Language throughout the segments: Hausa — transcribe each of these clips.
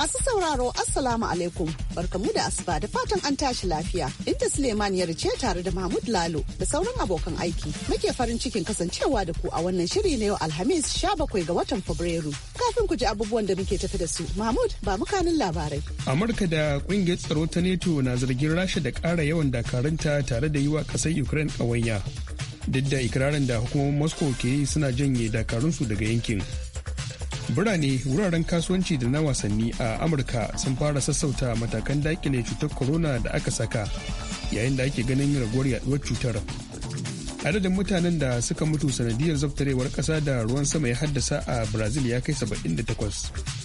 Masu sauraro Assalamu alaikum barkamu da asuba da fatan an tashi lafiya inda Suleiman ya rice tare da Mahmud Lalo da sauran abokan aiki muke farin cikin kasancewa da ku a wannan shiri na yau Alhamis bakwai ga watan Fabrairu. Kafin ku ji abubuwan da muke tafi da su Mahmud ba mukanin labarai. Amurka da kungiyar tsaro ta NATO na zargin Rasha da kara yawan dakarunta tare da yiwa wa ƙasar Ukraine ƙawanya. Duk da ikirarin da hukumomin Moscow ke yi suna janye dakarunsu daga yankin. birane wuraren kasuwanci da na wasanni a amurka sun fara sassauta matakan dakile cutar corona da aka saka yayin da ake ganin raguwar yaduwar cutar adadin mutanen da suka mutu sanadiyar zabtarewar kasa da ruwan sama ya haddasa a brazil ya kai 78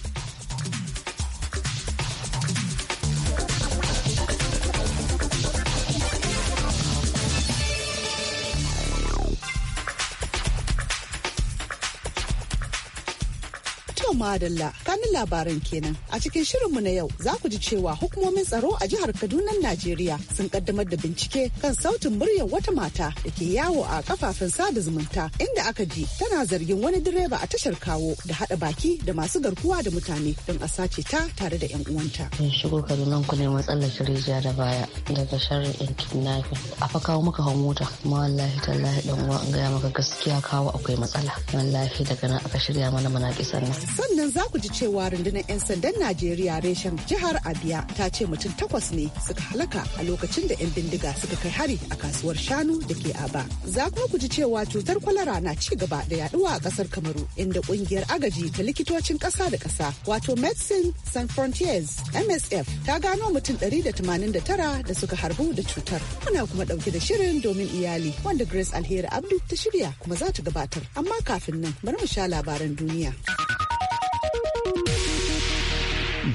Madalla kanin labaran kenan. A cikin shirinmu na yau za ku ji cewa hukumomin tsaro a jihar Kaduna Najeriya sun kaddamar da bincike kan sautin muryar wata mata da ke yawo a kafafen sada zumunta inda aka ji tana zargin wani direba a tashar kawo da hada baki da masu garkuwa da mutane don a sace ta tare da 'yan uwanta. Mun shigo Kaduna ku ne matsalar shirya da baya daga sharri'in kidnapping. A fa kawo muka hau mota kuma wallahi tallahi dan uwa in gaya maka gaskiya kawo akwai matsala. Wallahi daga nan aka shirya mana mana kisan nan. sannan za ku ji cewa rundunar 'yan sandan najeriya reshen jihar abia ta ce mutum takwas ne suka halaka a lokacin da 'yan bindiga suka kai hari a kasuwar shanu da ke aba za kuma ku ji cewa cutar kwalara na ci gaba da yaduwa a kasar kamaru inda kungiyar agaji ta likitocin kasa da kasa wato medicine sans frontiers msf ta gano mutum 189 da suka harbu da cutar muna kuma dauke da shirin domin iyali wanda grace alheri abdu ta shirya kuma za ta gabatar amma kafin nan bari mu sha labaran duniya.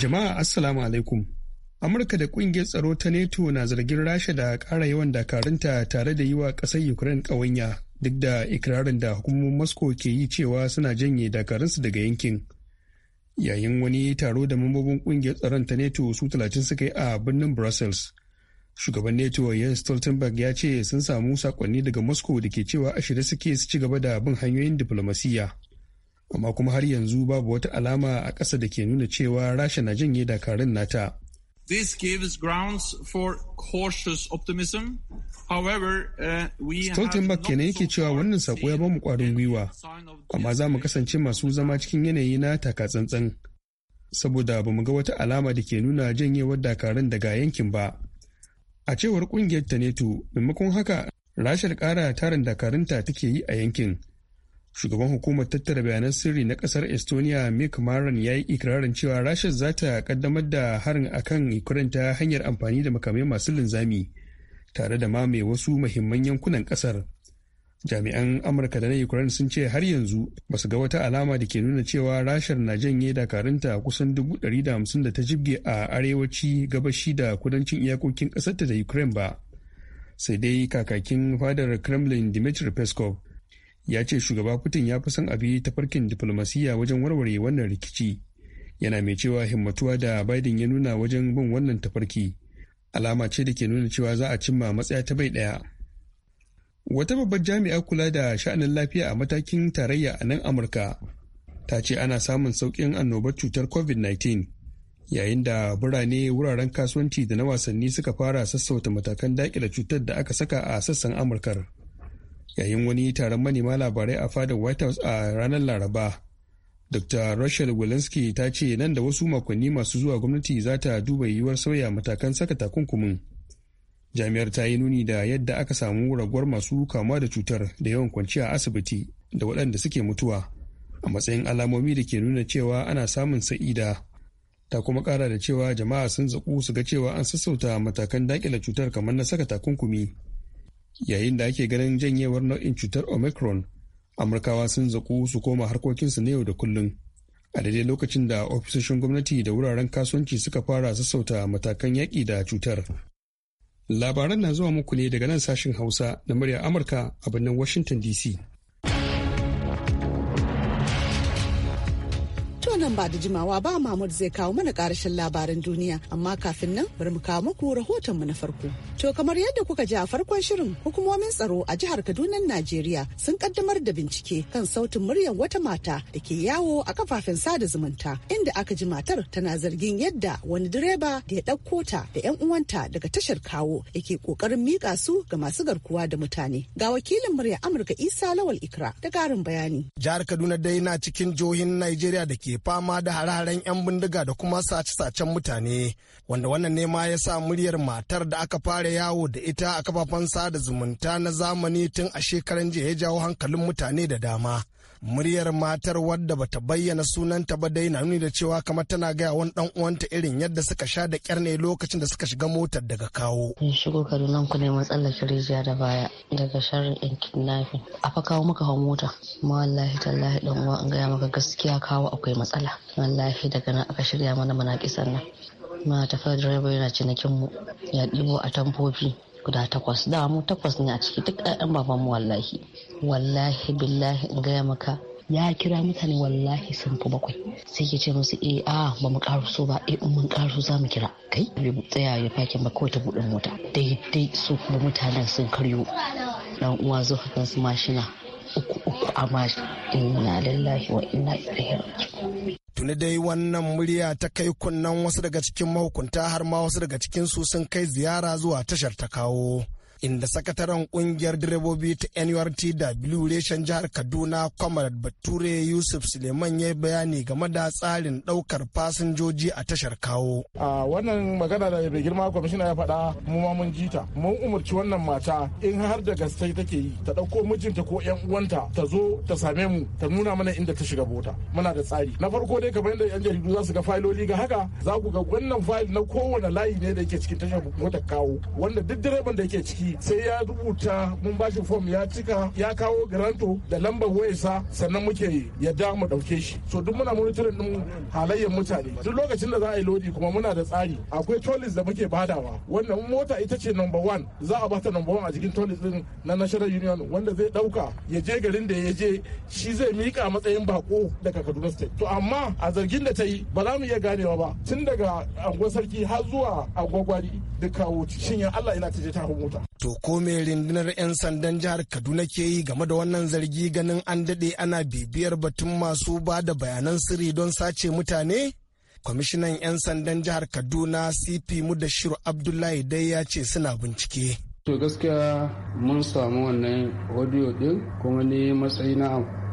Jama'a Assalamu alaikum. Amurka da kungiyar tsaro ta NATO na zargin Rasha da ƙara yawan dakarunta tare da yi wa ƙasar Ukraine ƙawanya duk da ikirarin da hukumomin Moscow ke yi cewa suna janye dakarunsu daga yankin. Yayin wani taro da mambobin kungiyar tsaron ta NATO su talatin suka yi a birnin Brussels. Shugaban NATO Jens Stoltenberg ya ce sun samu sakonni daga Moscow da ke cewa a shirye suke su ci gaba da bin hanyoyin diflomasiyya. amma kuma har yanzu babu wata alama a ƙasa da ke nuna cewa rasha na janye dakarun nata This gives grounds for cautious optimism. However, uh, we Stoltenberg kenan yake cewa wannan sako ya bamu kwarin gwiwa, amma za mu kasance masu zama cikin yanayi na takatsantsan. Saboda ba mu ga wata alama da ke nuna janyewar dakarun daga yankin ba. A cewar kungiyar ta neto, maimakon haka, rashar kara tarin dakarunta take yi a yankin, shugaban hukumar tattara bayanan sirri na kasar estonia mick maron ya yi ikirarin cewa rasha za ta kaddamar da harin akan ukraine ta hanyar amfani da makamai masu linzami tare da ma mai wasu mahimman yankunan kasar jami'an amurka da na ukraine sun ce har yanzu ba su ga wata alama da ke nuna cewa rashar na janye dakarunta kusan 150 da ta jibge a arewaci gabashi da kudancin iyakokin ƙasarta da ukraine ba sai dai kakakin fadar kremlin dmitry peskov ya ce shugaba putin ya fi son abi ta farkin diflomasiyya wajen warware wannan rikici yana mai cewa himmatuwa da biden ya nuna wajen bin wannan tafarki alama ce da ke nuna cewa za a cimma matsaya ta bai ɗaya wata babbar jami'a kula da sha'anin lafiya a matakin tarayya a nan amurka ta ce ana samun sauƙin annobar cutar covid-19 yayin da birane wuraren kasuwanci da na wasanni suka fara sassauta matakan daƙile cutar da aka saka a sassan amurkar yayin wani taron manema labarai a fadar white house a ranar laraba dr rachel walensky ta ce nan da wasu makonni masu zuwa gwamnati za ta duba yiwuwar sauya matakan saka takunkumin jami'ar ta yi nuni da yadda aka samu raguwar masu kamuwa da cutar da yawan kwanciya a asibiti da waɗanda suke mutuwa a matsayin alamomi da ke nuna cewa ana samun sa'ida ta kuma ƙara da cewa jama'a sun zaƙu su ga cewa an sassauta matakan daƙile cutar kamar na saka takunkumi yayin da ake ganin janyewar nau'in cutar omicron amurkawa sun zaku su koma harkokinsu na yau da kullum a daidai lokacin da ofisoshin gwamnati da wuraren kasuwanci suka fara sassauta matakan yaƙi da cutar labaran na zuwa muku ne daga nan sashen hausa na murya amurka a birnin washington dc nan ba da jimawa ba Mahmud zai kawo mana karashin labaran duniya amma kafin nan bari mu kawo muku rahoton mu na farko. To kamar yadda kuka ji a farkon shirin hukumomin tsaro a jihar Kaduna Najeriya sun kaddamar da bincike kan sautin muryar wata mata da ke yawo a kafafen sada zumunta inda aka ji matar tana zargin yadda wani direba da ya ɗauko ta da 'yan uwanta daga tashar kawo yake ƙoƙarin miƙa su ga masu garkuwa da mutane. Ga wakilin murya Amurka Isa Lawal Ikra da ƙarin bayani. Jihar Kaduna dai na cikin jihohin Najeriya da ke fama fama da hararen 'yan bindiga da kuma sace-sacen mutane wanda wannan nema ya sa muryar matar da aka fara yawo da ita a kafafen sada zumunta na zamani tun a shekaran jiya ya jawo hankalin mutane da dama muryar matar wadda bata bayyana sunanta ba dai na nuni da cewa kamar tana gaya wani dan uwanta irin yadda suka sha da kyar ne lokacin da suka shiga motar daga kawo in shigo kaduna ku ne matsalar rijiya da baya daga sharrin kidnapping a fa kawo maka hau mota ma wallahi tallahi dan uwa an gaya maka gaskiya kawo akwai matsala wallahi daga nan aka shirya mana kisan nan muna tafiya direba yana cinikin mu ya ɗibo a tamfofi guda takwas da mu takwas ne a ciki duk baban babanmu wallahi wallahi billahi in gaya maka ya kira mutane wallahi sun fi bakwai sai ke ce musu eh a ah, ba mu so ba eh mun karu za mu kira kai bai tsaya ya fake ba kawai ta buɗin mota daidai su kuma mutanen sun karyo dan uwa zo hakan su mashina uku uku a inna lillahi wa inna ilaihi tuni dai wannan murya ta kai kunnen wasu daga cikin mahukunta har ma wasu daga cikin su sun kai ziyara zuwa tashar ta kawo inda sakataren kungiyar direbobi ta nurtw reshen jihar kaduna comrade bature yusuf suleiman ya bayani game da tsarin daukar fasinjoji a tashar kawo a wannan magana da bai girma kwamishina ya faɗa mu ma mun jita mun umarci wannan mata in har da gaske take yi ta ɗauko mijinta ko yan uwanta ta zo ta same mu ta nuna mana inda ta shiga bota muna da tsari na farko dai kamar yadda yan jaridu za su ga fayiloli ga haka za ku ga wannan fayil na kowane layi ne da yake cikin tashar mota kawo wanda duk direban da yake ciki sai ya rubuta mun bashi fom ya cika ya kawo garanto da lambar wayarsa sannan muke yadda mu dauke shi so duk muna monitoring din halayyar mutane duk lokacin da za a yi lodi kuma muna da tsari akwai tollis da muke badawa wanda mota ita ce number one za a bata number one a cikin tollis din na national union wanda zai dauka ya je garin da ya je shi zai mika matsayin bako daga kaduna state to amma a zargin da ta yi ba za mu iya ganewa ba tun daga angon sarki har zuwa agwagwari da kawo shin ya allah ina ta je ta mota To ko me rindinar 'yan sandan jihar Kaduna ke yi game da wannan zargi ganin an daɗe ana bibiyar batun masu ba da bayanan sirri don sace mutane? Kwamishinan 'yan sandan jihar Kaduna CP Mudashiru Abdullahi dai ya ce suna bincike. to gaskiya mun samu wannan audio din kuma ni matsayi na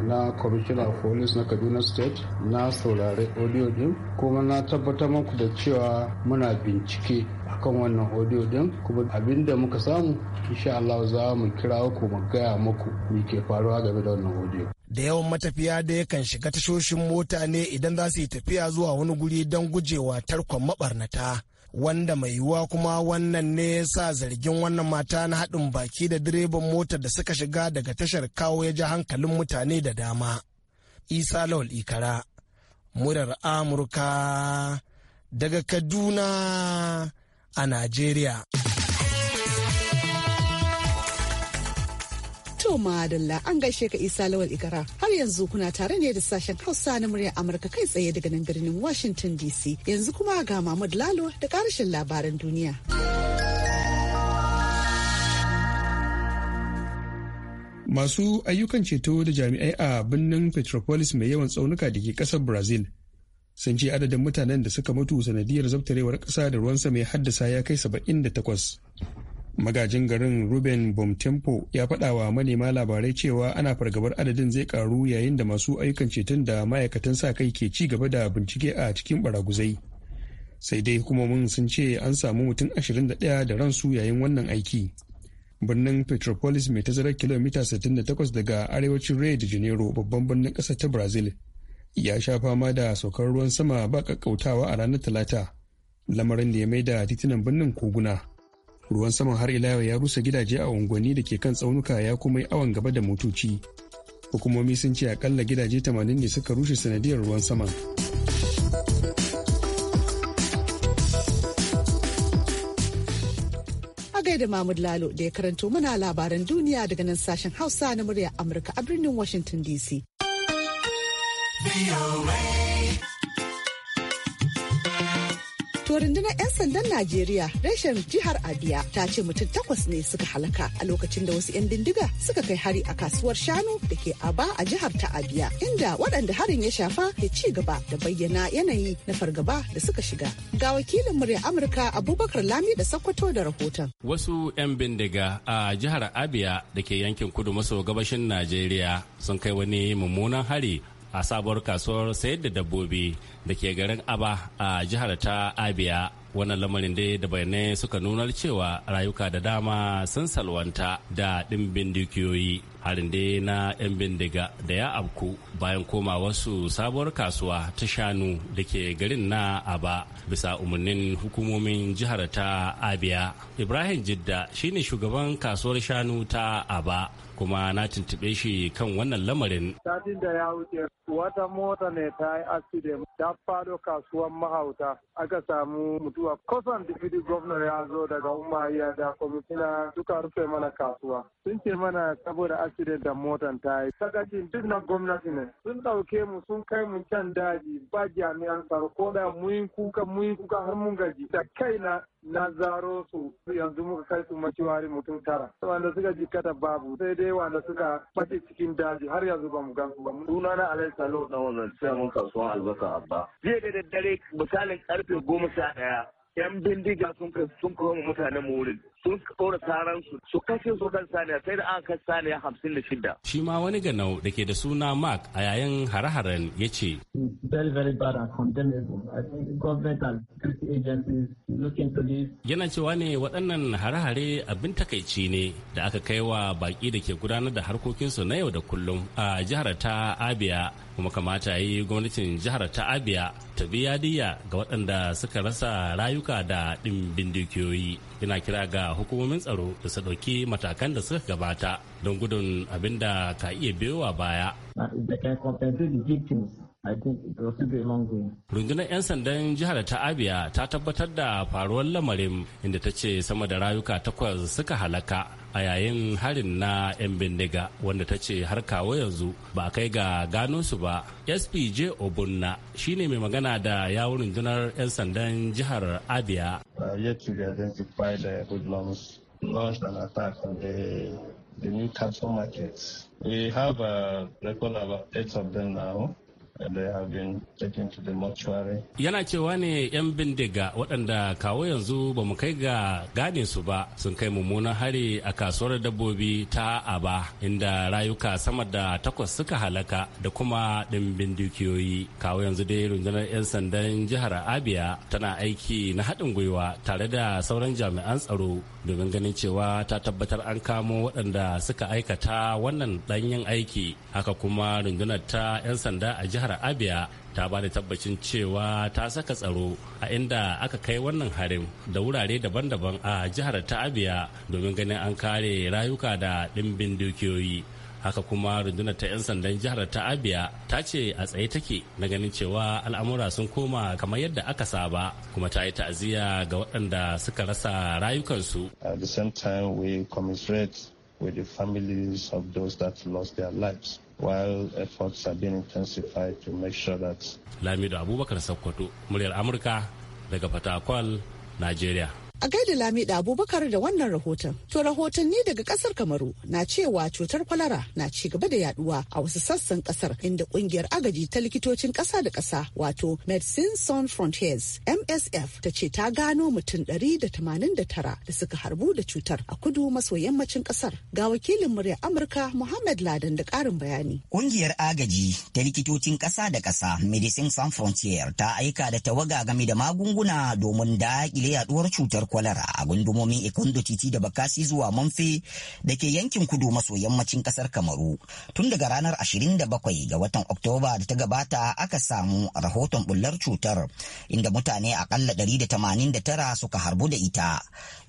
na commissioner police na kaduna state na saurari audio din kuma na tabbatar muku da cewa muna bincike kan wannan audio din kuma abinda muka samu insha Allah za mu kira ku mu gaya muku me ke faruwa game da wannan audio da yawan matafiya da yakan shiga tashoshin mota ne idan za su yi tafiya zuwa wani guri don gujewa tarkon mabarnata wanda mai yiwuwa kuma wannan ne ya sa zargin wannan mata na haɗin baki da direban motar da suka shiga daga tashar kawo ya ji hankalin mutane da dama. Isa Lawal Ikara, murar Amurka daga Kaduna a Najeriya. To madalla an gaishe ka Isa Lawal Igara har yanzu kuna tare ne da sashen Hausa na muryar Amurka kai tsaye daga nan birnin Washington DC yanzu kuma ga Mahmud Lalo da karshen labaran duniya. Masu ayyukan ceto da jami'ai a birnin Petropolis mai yawan tsaunuka da ke ƙasar Brazil sun ce adadin mutanen da suka mutu sanadiyar zabtarewar ƙasa da sa mai haddasa ya kai 78 magajin garin ruben bomtempo ya faɗa wa manema labarai cewa ana fargabar adadin zai karu yayin da masu ayyukan ceton da ma'aikatan sa kai ke ci gaba da bincike a cikin baraguzai sai dai hukumomin sun ce an samu mutum 21 da ransu yayin wannan aiki birnin petropolis mai tazarar kilomita 68 daga arewacin rio de janeiro babban birnin ƙasa ta brazil ya sha fama da saukar ruwan sama ba kakkautawa a ranar talata lamarin da ya mai da titunan birnin koguna ruwan saman har ila ya rusa gidaje a unguwanni da ke kan tsaunuka ya kuma yi awon gaba da motoci hukumomi sun ce akalla gidaje 80 ne suka rushe sanadiyar ruwan saman da Mahmud Lalo da ya karanto mana labaran duniya daga nan sashen Hausa na murya Amurka a birnin Washington DC. To rundunar 'yan sandan Najeriya reshen jihar Abia ta ce mutum takwas ne suka halaka a lokacin da wasu 'yan bindiga suka kai hari a kasuwar shanu da ke Aba a jihar ta Abia inda waɗanda harin ya shafa ke ci gaba da bayyana yanayi na fargaba da suka shiga. Ga wakilin murya Amurka Abubakar Lami da Sokoto da rahoton. Wasu 'yan bindiga a jihar Abia da ke yankin kudu maso gabashin Najeriya sun kai wani mummunan hari a sabuwar kasuwar sayar da dabbobi da ke garin aba a jihar ta abia wannan lamarin dai da bayanai suka nunar cewa rayuka da dama sun salwanta da ɗimbin dukiyoyi harin dai na 'yan bindiga da ya abku bayan koma wasu sabuwar kasuwa ta shanu da ke garin na aba bisa umarnin hukumomin jihar ta abia ibrahim jidda shine shugaban kasuwar shanu ta aba kuma na tuntube shi kan wannan lamarin. Satin da ya wuce wata mota ne ta yi accident ta fado kasuwan mahauta aka samu mutuwa kusan dipidi gwamnar ya zo daga umariya da kwamitina duka rufe mana kasuwa sun ce mana saboda accident da motan ta yi sakacin duk na gwamnati ne sun ɗauke mu sun kai mu can daji ba jami'an tsaro ko da muyin kuka muyin kuka har mun gaji da kai na. na zaro su yanzu muka kai su maciwari mutum tara wanda suka ji kada babu sai dai wanda suka ɓace cikin daji har yanzu ba mu gan su ba suna na alai salo na wannan mun kasuwan albasa abba jiya da daddare misalin karfe goma sha ɗaya yan bindiga sun kawo mutanen mu wurin sun kora taron su su kashe su kan saniya sai da aka kan saniya hamsin da shida. shi ma wani ganau da ke da suna mark a yayin hare-haren ya ce. yana cewa ne waɗannan hare-hare abin takaici ne da aka kai wa baƙi da ke gudanar da harkokinsu na yau da kullum a jihar ta abia kuma kamata yi gwamnatin jihar ta abia ta biya diya ga waɗanda suka rasa rayuka da ɗin bindigiyoyi. yana kira ga hukumomin tsaro da su ɗauki matakan da suka gabata don gudun abin da ka iya biyowa baya. Rundunar 'yan sandan jihar ta Abia ta tabbatar da faruwar lamarin inda ta ce sama da rayuka takwas suka halaka a yayin harin na 'yan bindiga wanda ta ce har kawo yanzu ba a kai ga gano su ba. SPJ Obunna shine mai magana da yawun rundunar 'yan sandan jihar Abia. Yet the new capital market. We have a record about eight of them now. Yana cewa ne 'yan bindiga waɗanda kawo yanzu ba mu kai ga gane su ba sun kai mummunan hari a kasuwar dabbobi ta Aba inda rayuka sama da takwas suka halaka da kuma ɗimbin dukiyoyi. Kawo yanzu dai rundunar 'yan sandan jihar Abia tana aiki na haɗin gwiwa tare da sauran jami'an tsaro domin ganin cewa ta tabbatar an kamo waɗanda suka aikata wannan ɗanyen aiki. Haka kuma rundunar ta 'yan sanda a jihar jihar abia ta ba da tabbacin cewa ta saka tsaro a inda aka kai wannan harin da wurare daban-daban a jihar ta abia domin ganin an kare rayuka da ɗimbin dukiyoyi haka kuma rundunar ta 'yan sandan jihar ta abia ta ce a tsaye take na ganin cewa al'amura sun koma kamar yadda aka saba kuma ta yi ta'aziyya ga waɗanda suka rasa rayukansu at the same time we commiserate with the families of those that lost their lives while efforts are being intensified to make sure that Lamido Abubakar Sokoto, muryar Amurka daga Fatakwal, nigeria. A gaida Lamida Abubakar da wannan rahoton. To rahoton ni daga kasar Kamaru na cewa cutar kwalara na ci gaba da yaduwa a wasu sassan kasar inda kungiyar agaji ta likitocin kasa da kasa wato Medicine Sans Frontiers MSF ta ce ta gano mutum 189 da tamanin da da tara suka harbu da cutar a kudu maso yammacin kasar. Ga wakilin murya Amurka Muhammad Ladan da karin bayani. Kungiyar agaji ta likitocin kasa da kasa Medicine Sans Frontiers ta aika da tawaga game da magunguna domin daƙile yaduwar cutar kwalara a gundumomin Ikondo Titi da Bakasi zuwa Manfe da ke yankin kudu maso yammacin kasar Kamaru. Tun daga ranar 27 ga watan Oktoba da ta gabata aka samu rahoton bullar cutar inda mutane akalla 189 suka harbu da ita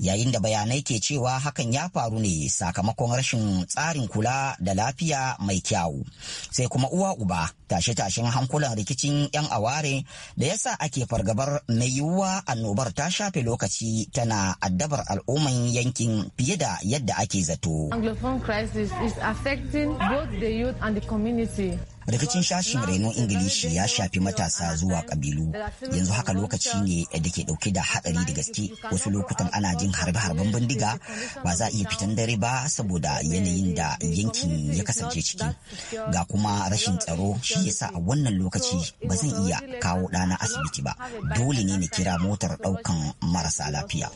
yayin da bayanai ke cewa hakan ya faru ne sakamakon rashin tsarin kula da lafiya mai kyau. Sai kuma uwa uba tashe-tashen hankulan rikicin 'yan aware da yasa ake fargabar mai yiwuwa annobar ta shafe lokaci tana addabar al'umman yankin fiye da yadda ake zato. Anglophone crisis is affecting both the youth and the community. rikicin shashin rainon ingilishi ya shafi matasa zuwa kabilu yanzu haka lokaci ne da ke dauke da hadari da gaske wasu lokutan ana jin harbe-harben bindiga ba za a iya fitan dare ba saboda yanayin da yankin ya kasance ciki ga kuma rashin tsaro shi yasa a wannan lokaci ba zan iya kawo ɗana asibiti ba dole ne na kira motar ɗaukan marasa lafiya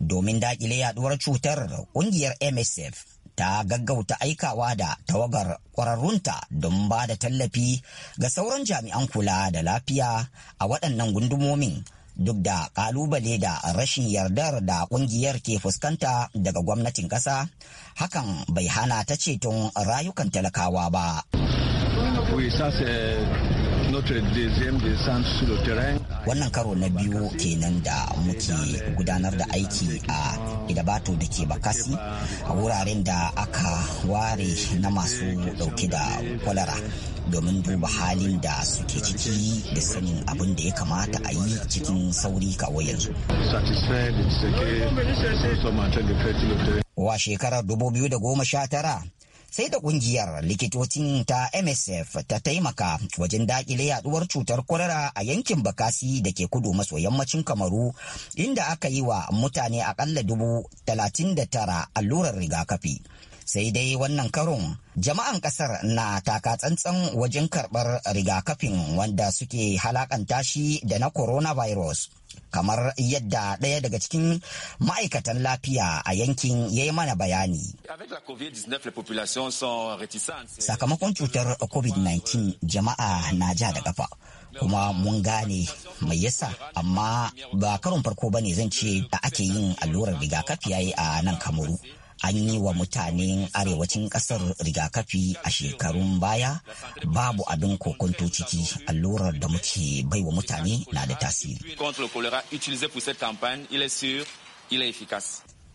domin daƙile yaduwar cutar ƙungiyar msf ta gaggauta aikawa da tawagar kwararrunta don ba da tallafi ga sauran jami'an kula da lafiya a waɗannan gundumomin duk da ƙalubale da rashin yardar da ƙungiyar ke fuskanta daga gwamnatin ƙasa hakan bai hana ta ceton rayukan talakawa ba. Wannan karo na biyu kenan da muke gudanar da aiki a Idabato da ke Bakasi a wuraren da aka ware na masu dauke da kwalara domin duba halin da suke ciki da sanin abin da ya kamata a yi cikin sauri kawai yanzu. Wa shekarar 2019 sai da kungiyar likitocin ta MSF ta taimaka wajen dakile yaduwar cutar kwalara a yankin Bakasi da ke kudu maso yammacin Kamaru inda aka yi wa mutane akalla dubu talatin da tara allurar rigakafi. sai dai wannan karon jama'an kasar na taka tsantsan wajen karɓar rigakafin wanda suke halakanta shi da na coronavirus kamar yadda ɗaya daga cikin ma'aikatan lafiya a yankin ya yi mana bayani. Sakamakon cutar COVID-19 jama'a na ja da ƙafa kuma mun gane mai yasa amma ba karon farko ba ne zan ce da ake yin allurar rigakafi yayi a nan kamaru an yi wa mutanen arewacin kasar rigakafi a shekarun baya babu abin kokonto ciki allurar da muke bai wa mutane na da tasiri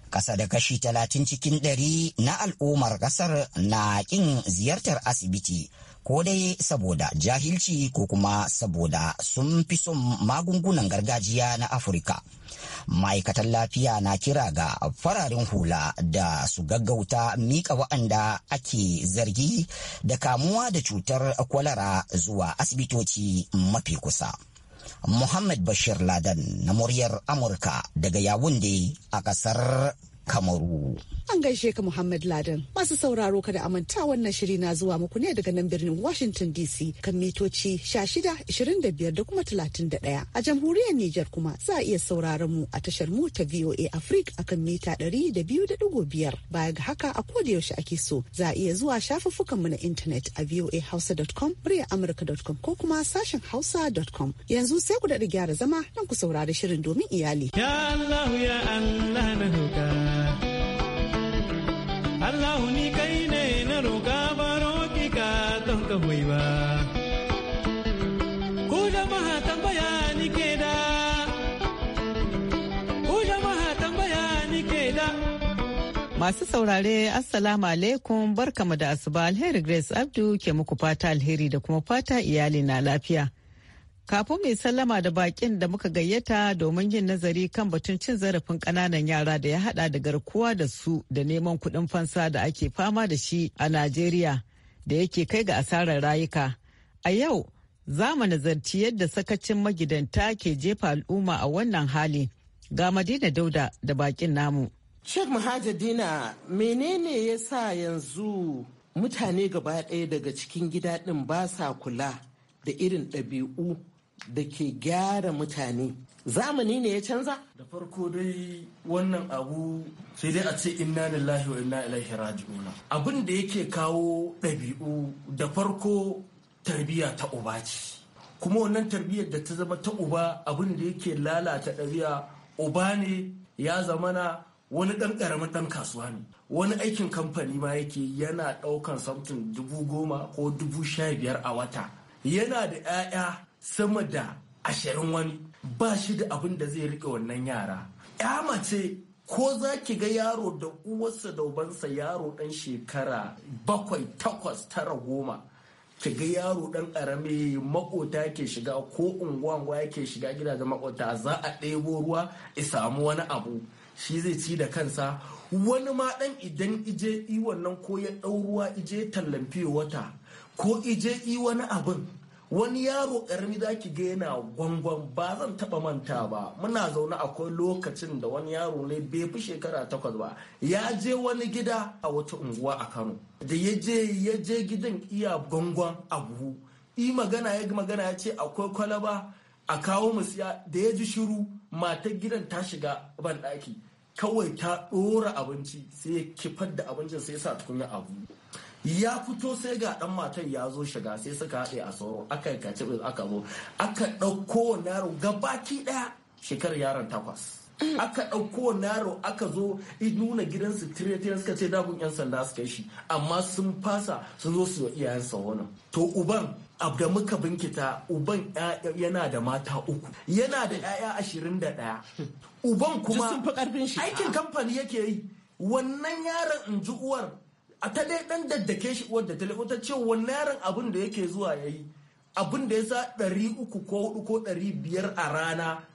Kasa da kashi talatin cikin ɗari na al'ummar ƙasar na ƙin ziyartar asibiti ko dai saboda jahilci ko kuma saboda sun fi son magungunan gargajiya na afirka ma'aikatan lafiya na kira ga fararen hula da su gaggauta mika wa'anda ake zargi da kamuwa da cutar kwalara zuwa asibitoci mafi kusa muhammad bashir ladan na muryar amurka daga yawunde a kasar Kamaru. An gaishe ka Muhammad Laden. Masu sauraro kada amanta wannan shiri na zuwa muku ne daga nan birnin Washington DC kan mitoci 16, da kuma 31. A jamhuriyar Nijar kuma za a iya sauraron mu a tashar mu ta VOA Africa akan mita 200.5. Baya ga haka a koda yaushe ake so za a iya zuwa shafuffukan mu na intanet a voahausa.com, amurka.com ko kuma sashen hausa.com. Yanzu sai ku daɗa gyara zama nan ku saurari shirin domin iyali. Ya Allah ya Allah na roƙa. Allahu ni kai ne na roƙa baro ki ka don ka hoyi ba. Ku jama'a tambaya ni ke da, ku jama'a tambaya ni ke da. Masu saurare Assalamu alaikum barkamu da asuba alheri Grace Abdu ke muku fata alheri da kuma fata iyali na lafiya. Kafin mai sallama da bakin da muka gayyata domin yin nazari kan batun cin zarafin ƙananan yara da ya hada da garkuwa da su da neman kuɗin fansa da ake fama da shi a Najeriya da yake kai ga asarar rayuka. A yau, za mu nazarci yadda sakacin magidanta ke jefa al'umma a wannan hali. Ga Madina Dauda da bakin namu. Sheikh Muhajadina, menene ya sa yanzu mutane gaba ɗaya daga cikin gida ɗin ba sa kula da irin ɗabi'u da ke gyara mutane zamani ne ya canza da farko dai wannan abu sai dai a ce inna lillahi wa inna ilaihi raji'una abin da yake kawo ɗabi'u da farko tarbiyya ta uba ce kuma wannan tarbiyyar da ta zama ta uba abin da yake lalata ɗabi'a uba ne ya zamana wani ɗan ƙaramin ɗan kasuwa ne wani aikin kamfani ma yake yana ɗaukan samtin dubu goma ko dubu sha biyar a wata yana da 'ya'ya sama da ashirin wani ba shi da abin da zai rike wannan yara ya mace ko za ki ga yaro da uwarsa da ubansa yaro dan shekara bakwai takwas tara goma ki ga yaro dan karami makota ke shiga ko unguwa yake shiga gidajen makota za a ɗebo ruwa ya samu wani abu shi zai ci da kansa wani ma dan idan ije i wannan ko ya ɗau ruwa ije tallafi wata ko ije wani abin wani yaro karami za ki ga yana gwangwan ba zan taba manta ba muna zaune akwai lokacin da wani yaro ne bai fi shekara takwas ba ya je wani gida a wata unguwa a kano da ya je ya je gidan iya gwangwan abu i magana ya magana ya ce akwai kwalaba a kawo musiya da ya ji shiru matar gidan ta shiga banɗaki kawai ta ɗora abinci sai ya kifar da abincin sai ya sa tukunya abu ya fito sai ga dan matan ya zo shiga sai suka haɗe a sauro aka yi kaci aka zo aka ɗauko wani yaro gabaki ɗaya shekarar yaron takwas aka ɗauko naro aka zo nuna gidansu tiretiyar suka ce dagun 'yan sanda suka shi amma sun fasa sun zo su iyayensa wani to uban abda muka binkita uban yana da mata uku yana da 'ya'ya ashirin da ɗaya uban kuma aikin kamfani yake yi wannan yaron in ji uwar a ta dai dan daddake shi uwar da telefon ta ce yaron abin da yake zuwa ya yi abin da ya sa ɗari uku ko hudu ko ɗari biyar a rana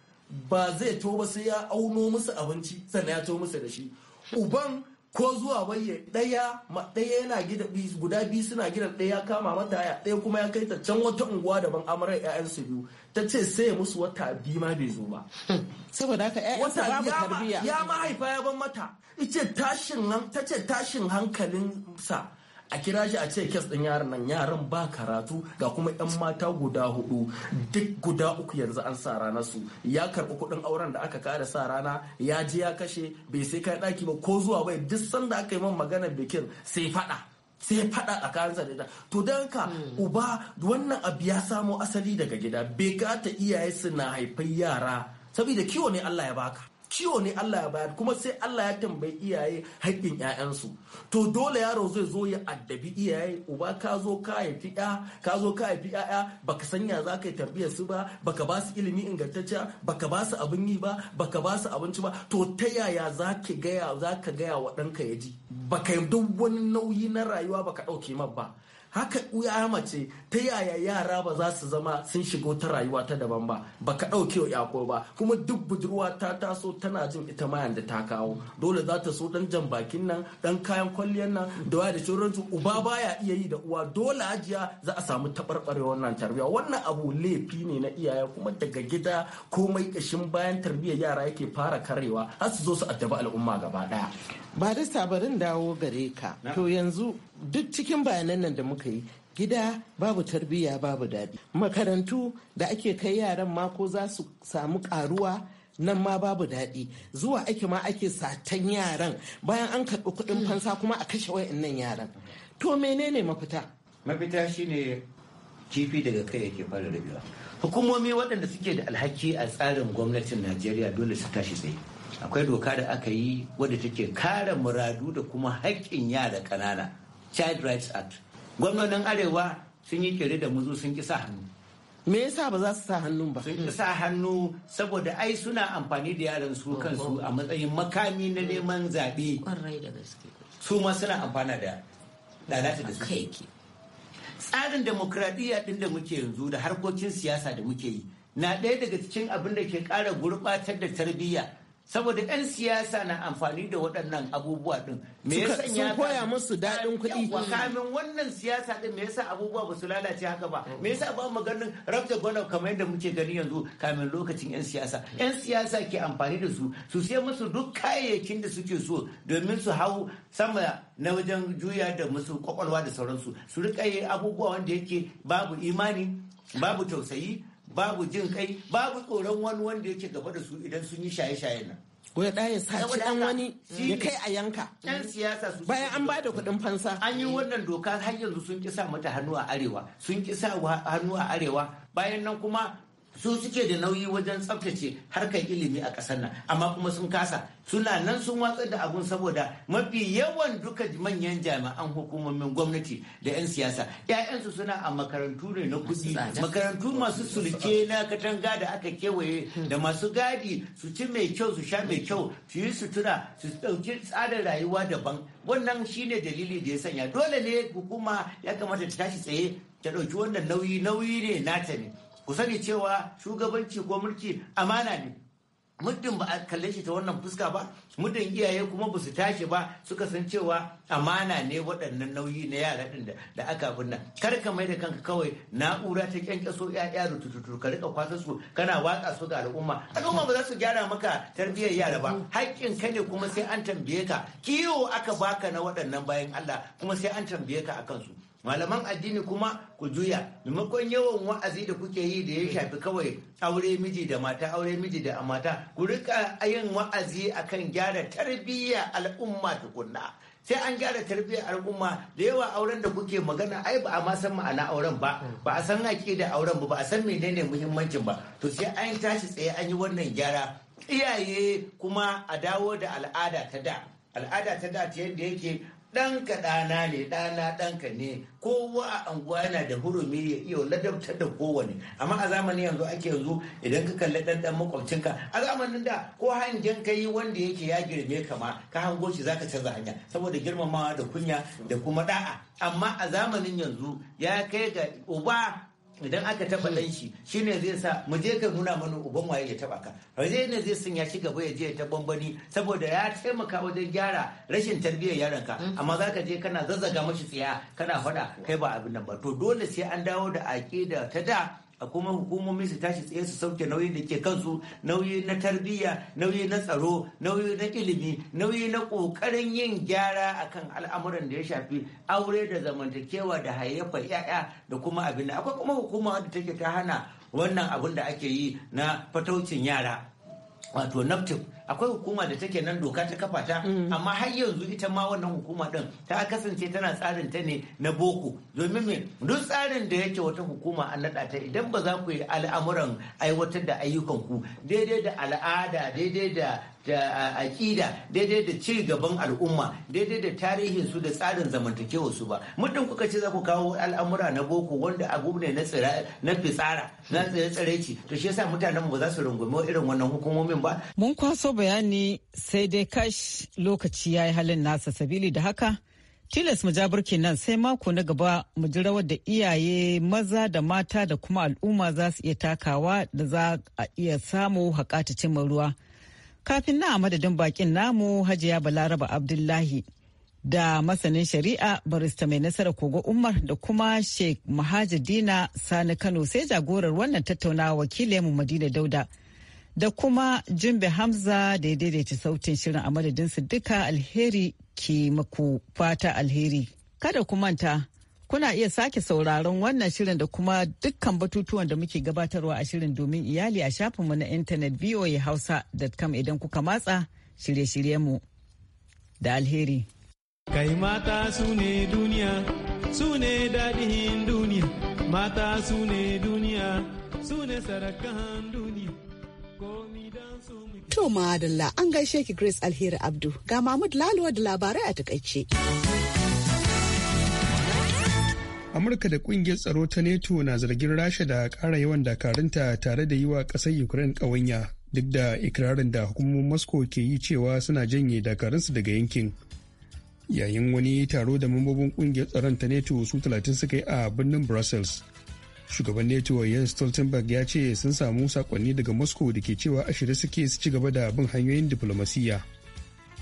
ba zai to ba sai ya auno musu abinci sannan ya to musu da shi uban ko zuwa waye ɗaya ɗaya yana gida guda biyu suna gidan ɗaya kama mata haya ɗaya kuma ya kai ta can wata unguwa daban amarar ƴaƴansu biyu ta ce sai musu wata biyu ma bai zo ba hmm. saboda haka ƴaƴansa babu tarbiyya ya mahaifa ya ban mata ita tashin ta ce tashin hankalinsa a kira shi a ce kes din yaran nan yaran ba karatu ga kuma yan mata guda hudu duk guda uku yanzu an sa rana su ya karbi kuɗin auren da aka kada sa rana ya je ya kashe bai sai kai daki ba ko zuwa bai duk sanda aka yi man maganar bikin sai fada sai fada tsakaninsa da to don ka hmm. uba wannan abu ya samo asali daga gida bai gata iyaye su na haifai yara saboda kiwo ne Allah ya baka ciwo ne Allah ya bayar kuma sai Allah ya tambayi iyaye haƙƙin 'ya'yansu to dole yaro zai zo ya addabi iyaye uba ka zo ka haifi ya ka zo ka haifi ya'ya baka sanya za ka yi tarbiyyar su ba baka ba su ilimi ingantacce baka ba su abin yi ba baka ba su abinci ba to ta yaya za ka gaya za ka gaya wa ɗanka ya ji baka duk wani nauyi na rayuwa baka ɗauke ma ba haka ya mace ta yaya yara ba za su zama sun shigo ta rayuwa ta daban ba ba ka ɗauke yako ba kuma duk budurwa ta taso tana jin ita ma da ta kawo dole za ta so dan jan bakin nan dan kayan kwalliyar nan da waya da sauransu uba baya iya yi da uwa dole ajiya za a samu taɓarɓare wannan tarbiyya wannan abu laifi ne na iyaye kuma daga gida komai ƙashin bayan tarbiyyar yara yake fara karewa har su zo su addabi al'umma gaba ɗaya da sabarin dawo gare ka to yanzu duk cikin bayanan nan da muka yi gida babu tarbiyya babu daɗi makarantu da ake kai yaran ma ko za su samu karuwa nan ma babu daɗi zuwa ake ma ake satan yaran bayan an karɓi kuɗin fansa kuma a kashe wa'annan yaran to menene mafita mafita shine kifi daga kai yake fara rabewa hukumomi waɗanda suke da alhaki a tsarin gwamnatin najeriya dole su tashi tsaye akwai doka da aka yi wadda take kare muradu da kuma haƙƙin yara ƙanana child rights act gwamnonin arewa sun yi kere da muzu sun ƙi sa hannu me yasa ba za su sa hannun ba sun ƙi sa hannu saboda ai suna amfani da yaran su kansu a matsayin makami na neman zaɓe su ma suna amfana da lalata da suke tsarin demokradiyya din da muke yanzu da harkokin siyasa da muke yi na ɗaya daga cikin abin da ke ƙara gurɓatar da tarbiyya saboda 'yan siyasa na amfani da waɗannan abubuwa din me sanya ya koya musu daɗin kuɗi kamin wannan siyasa din me yasa abubuwa ba su lalace haka ba mm. me yasa ba mu ganin rabta gwana kamar yadda muke gani yanzu kamin lokacin 'yan siyasa 'yan siyasa ke amfani da su su sai musu duk kayayyakin da suke so domin su hau sama na wajen juya da musu kwakwalwa da sauransu su rika abubuwa wanda yake babu imani babu tausayi babu jin kai babu tsoron wani wanda yake gaba da su idan sun yi shaye-shaye nan ko ya ɗaya sace wani ya kai a yanka Yan siyasa su bayan an bada kuɗin fansa an yi wannan doka har yanzu sun ƙi sa mata hannu a arewa sun ƙi sa hannu a arewa bayan nan kuma su suke da nauyi wajen tsaftace harkar ilimi a ƙasar nan amma kuma sun kasa suna nan sun watsa da abun saboda mafi yawan duka manyan jami'an hukumomin gwamnati da 'yan siyasa 'ya'yansu suna a makarantu ne na kuɗi makarantu masu sulke na katanga da aka kewaye da masu gadi su ci mai kyau su sha mai kyau su yi sutura su ɗauki tsarin rayuwa daban wannan shine dalili da ya sanya dole ne hukuma ya kamata ta tashi tsaye ta ɗauki wannan nauyi nauyi ne nata ne ku sani cewa shugabanci ko mulki amana ne muddin ba a kalle shi ta wannan fuska ba muddin iyaye kuma ba su tashi ba suka san cewa amana ne waɗannan nauyi na yara ɗin da aka binna kar ka mai da kanka kawai na'ura ta kyankyaso ya'ya tututu ka rika kwasa su kana watsa su ga al'umma al'umma ba za su gyara maka tarbiyyar yara ba haƙƙin ka ne kuma sai an tambaye ka kiwo aka baka na waɗannan bayan Allah kuma sai an tambaye ka akan su malaman addini kuma ku juya maimakon yawan wa'azi da kuke yi da ya shafi kawai aure miji da mata aure miji da mata ku rika yin wa'azi akan gyara tarbiyya al'umma tukunna sai an gyara tarbiyyar al'umma da yawa auren da kuke magana ai ba a ma san ma'ana auren ba ba a san da auren ba ba a san menene muhimmancin ba to sai an tashi tsaye an yi wannan gyara iyaye kuma a dawo da al'ada ta da al'ada ta da ta yadda yake ɗanka ɗana ne ɗana ɗanka ne kowa a anguwa yana da hurumi ya iya ladabtar da kowane amma a zamanin yanzu ake yanzu idan ka kalli ɗanɗan makwabcinka a zamanin da ko hangen ka yi wanda yake ya girme ka ma ka hango shi zaka canza hanya saboda girmamawa da kunya da kuma da'a amma a zamanin yanzu ya kai ga uba idan aka taba dan shi shine zai sa mu je ka nuna mana uban waye ya taba ka waje ne zai sun ya ci gaba ya je ta bambani saboda ya taimaka wajen gyara rashin tarbiyyar yaron ka mm. amma zaka je kana zazzaga mashi tsiya kana faɗa kai ba abin nan ba to dole sai an dawo da aƙida ta da a kuma hukumomi su tashi tsaye su sauke nauyin da ke kansu nauyi na tarbiyya nauyi na tsaro nauyi na ilimi nauyi na ƙoƙarin yin gyara akan al'amuran da ya shafi aure da zamantakewa da hayayyafa ya'ya da kuma abin akwai kuma hukuma wadda take ta hana wannan abin da ake yi na fataucin yara wato naptip akwai hukuma da take nan doka ta kafa ta mm. amma har yanzu ita ma wannan hukuma din ta kasance tana tsarin ta ne na boko domin me duk tsarin da yake wata hukuma an naɗa ta idan ba za ku yi al'amuran aiwatar da ayyukan ku daidai da al'ada daidai da da aƙida daidai da ci gaban al'umma daidai da tarihin su da tsarin zamantakewa su ba muddin kuka ce za ku kawo al'amura na boko wanda abu ne na tsira na fitsara na tsare ci to shi yasa mutanen ba za su rungume irin wannan hukumomin ba mun kwaso bayani sai dai kash lokaci yayi halin nasa sabili da haka tilas mu jaburke nan sai mako na gaba mu ji rawar da iyaye maza da mata da kuma al'umma za su iya takawa da za a iya samu haƙa ta ruwa. Kafin na madadin bakin namu Hajiya Balaraba Abdullahi da masanin shari'a barista mai nasara kogo Umar da kuma Sheikh Muhajjadina Sani Kano sai jagorar wannan tattaunawa wakilinmu Madina Dauda. Da kuma jimbe Hamza da ya daidaita sautin shirin a madadinsu duka alheri ke maku fata alheri. Kada ku manta Kuna iya sake sauraron wannan shirin da kuma dukkan batutuwan da muke gabatarwa a shirin domin iyali a shafinmu na intanet voahausa.com idan kuka matsa shirye-shiryenmu da alheri. Kai mata su ne duniya, su ne daɗin duniya, mata su ne duniya, su ne sarakan duniya. To madalla an gaishe ki Grace Alheri Abdu ga Mahmud Laluwa da labarai a takaice. amurka da kungiyar tsaro ta neto na zargin rasha da kara yawan dakarunta tare da yi wa ƙasar ukraine ƙawanya duk da ikirarin da hukumomin moscow ke yi cewa suna janye dakarunsu daga yankin yayin wani taro da mambobin kungiyar tsaron ta neto su 30 suka yi a birnin brussels shugaban neto jens stoltenberg ya ce sun samu sakonni daga moscow da ke cewa ashirin suke su ci gaba da bin hanyoyin diflomasiyya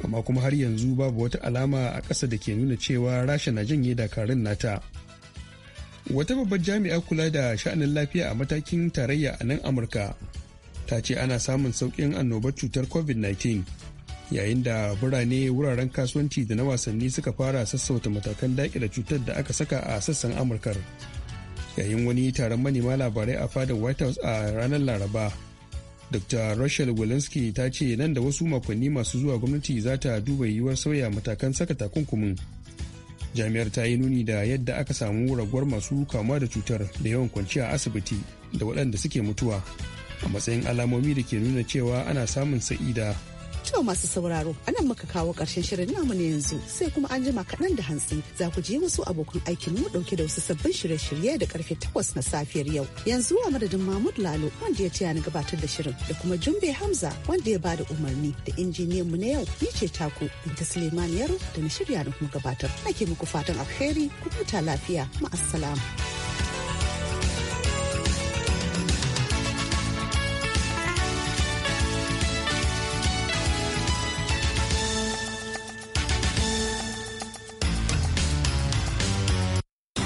amma kuma har yanzu babu wata alama a ƙasa da ke nuna cewa rasha na janye dakarun nata wata babbar jami'ar kula da sha'anin lafiya a matakin tarayya a nan amurka ta ce ana samun sauƙin annobar cutar covid-19 yayin da birane wuraren kasuwanci da na wasanni suka fara sassauta matakan daƙile cutar da aka saka a sassan amurkar yayin wani taron manema labarai a fadar white house a ranar laraba dr rachel walensky ta ce nan da wasu makonni masu zuwa gwamnati za ta duba yiwuwar sauya matakan saka takunkumin jami'ar ta yi nuni da yadda aka samu raguwar masu kamuwa da cutar da yawan kwanciya a asibiti da waɗanda suke mutuwa a matsayin alamomi da ke nuna cewa ana samun sa'ida To masu sauraro, anan muka kawo ƙarshen shirin namu ne yanzu sai kuma an jima kaɗan da hantsi za ku je wasu abokan aikin mu ɗauke da wasu sabbin shirye-shirye da ƙarfe takwas na safiyar yau. Yanzu a madadin Mahmud Lalo wanda ya taya ni gabatar da shirin da kuma Jumbe Hamza wanda ya bada umarni da injiniyan mu na yau ni ce taku ta Suleiman Yaro da na shirya da kuma gabatar. Nake muku fatan alheri ku huta lafiya ma'assalam.